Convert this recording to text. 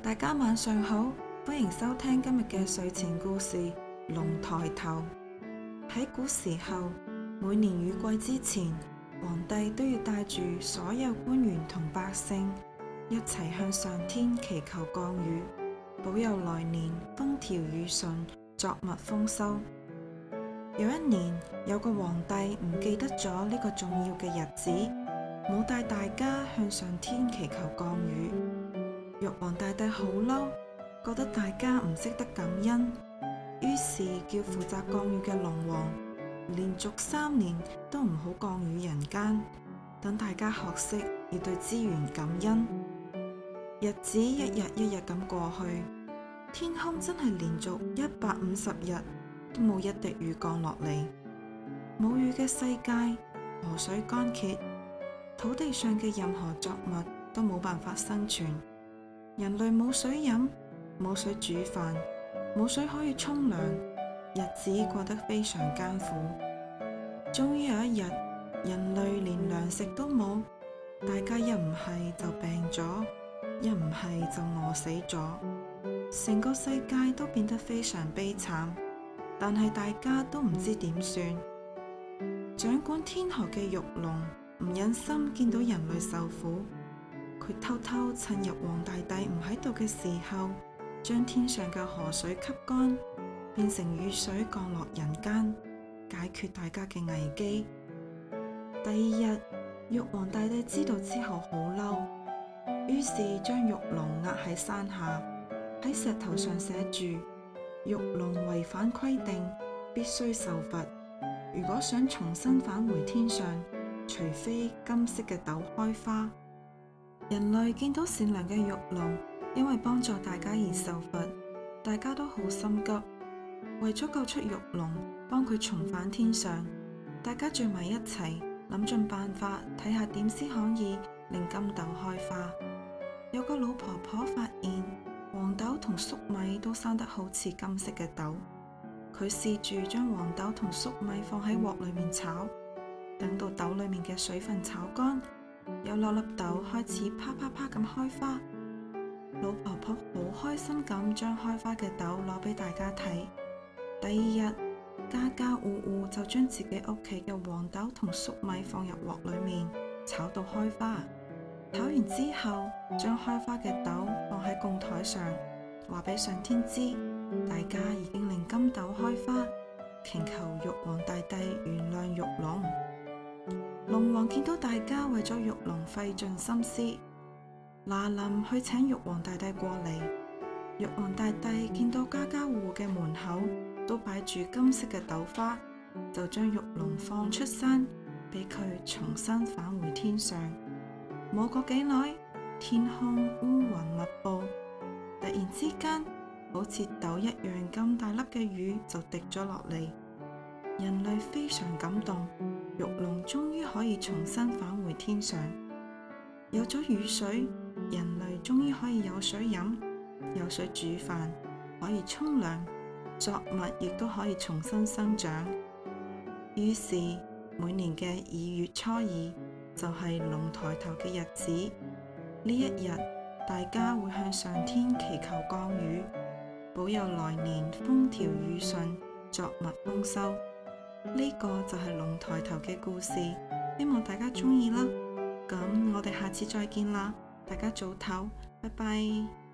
大家晚上好，歡迎收聽今日嘅睡前故事《龍抬頭》。喺古時候，每年雨季之前，皇帝都要帶住所有官員同百姓一齊向上天祈求降雨，保佑來年風調雨順。作物豐收。有一年，有個皇帝唔記得咗呢個重要嘅日子，冇帶大家向上天祈求降雨。玉皇大帝好嬲，覺得大家唔識得感恩，於是叫負責降雨嘅龍王，連續三年都唔好降雨人間，等大家學識要對資源感恩。日子一日一日咁過去。天空真係連續一百五十日都冇一滴雨降落嚟。冇雨嘅世界，河水乾竭，土地上嘅任何作物都冇辦法生存。人類冇水飲，冇水煮飯，冇水可以沖涼，日子過得非常艱苦。終於有一日，人類連糧食都冇，大家一唔係就病咗，一唔係就餓死咗。成個世界都變得非常悲慘，但係大家都唔知點算。掌管天河嘅玉龍唔忍心見到人類受苦，佢偷偷趁玉皇大帝唔喺度嘅時候，將天上嘅河水吸乾，變成雨水降落人間，解決大家嘅危機。第二日，玉皇大帝知道之後好嬲，於是將玉龍壓喺山下。喺石頭上寫住：玉龍違反規定，必須受罰。如果想重新返回天上，除非金色嘅豆開花。人類見到善良嘅玉龍，因為幫助大家而受罰，大家都好心急，為咗救出玉龍，幫佢重返天上，大家聚埋一齊，諗盡辦法睇下點先可以令金豆開花。有個老婆婆發現。豆同粟米都生得好似金色嘅豆，佢試住將黃豆同粟米放喺鑊裏面炒，等到豆裏面嘅水分炒乾，有粒粒豆開始啪啪啪咁開花。老婆婆好開心咁將開花嘅豆攞俾大家睇。第二日，家家戶戶就將自己屋企嘅黃豆同粟米放入鑊裏面炒到開花。炒完之後，將開花嘅豆放喺供台上，話俾上天知，大家已經令金豆開花，祈求玉皇大帝原諒玉龍。龍王見到大家為咗玉龍費盡心思，嗱臨去請玉皇大帝過嚟。玉皇大帝見到家家戶戶嘅門口都擺住金色嘅豆花，就將玉龍放出山，俾佢重新返回天上。冇過幾耐，天空烏雲密布，突然之間，好似豆一樣咁大粒嘅雨就滴咗落嚟。人類非常感動，玉龍終於可以重新返回天上。有咗雨水，人類終於可以有水飲，有水煮飯，可以沖涼，作物亦都可以重新生長。於是，每年嘅二月初二，就係龍抬頭嘅日子，呢一日大家會向上天祈求降雨，保佑來年風調雨順、作物豐收。呢、這個就係龍抬頭嘅故事，希望大家中意啦。咁我哋下次再見啦，大家早唞，拜拜。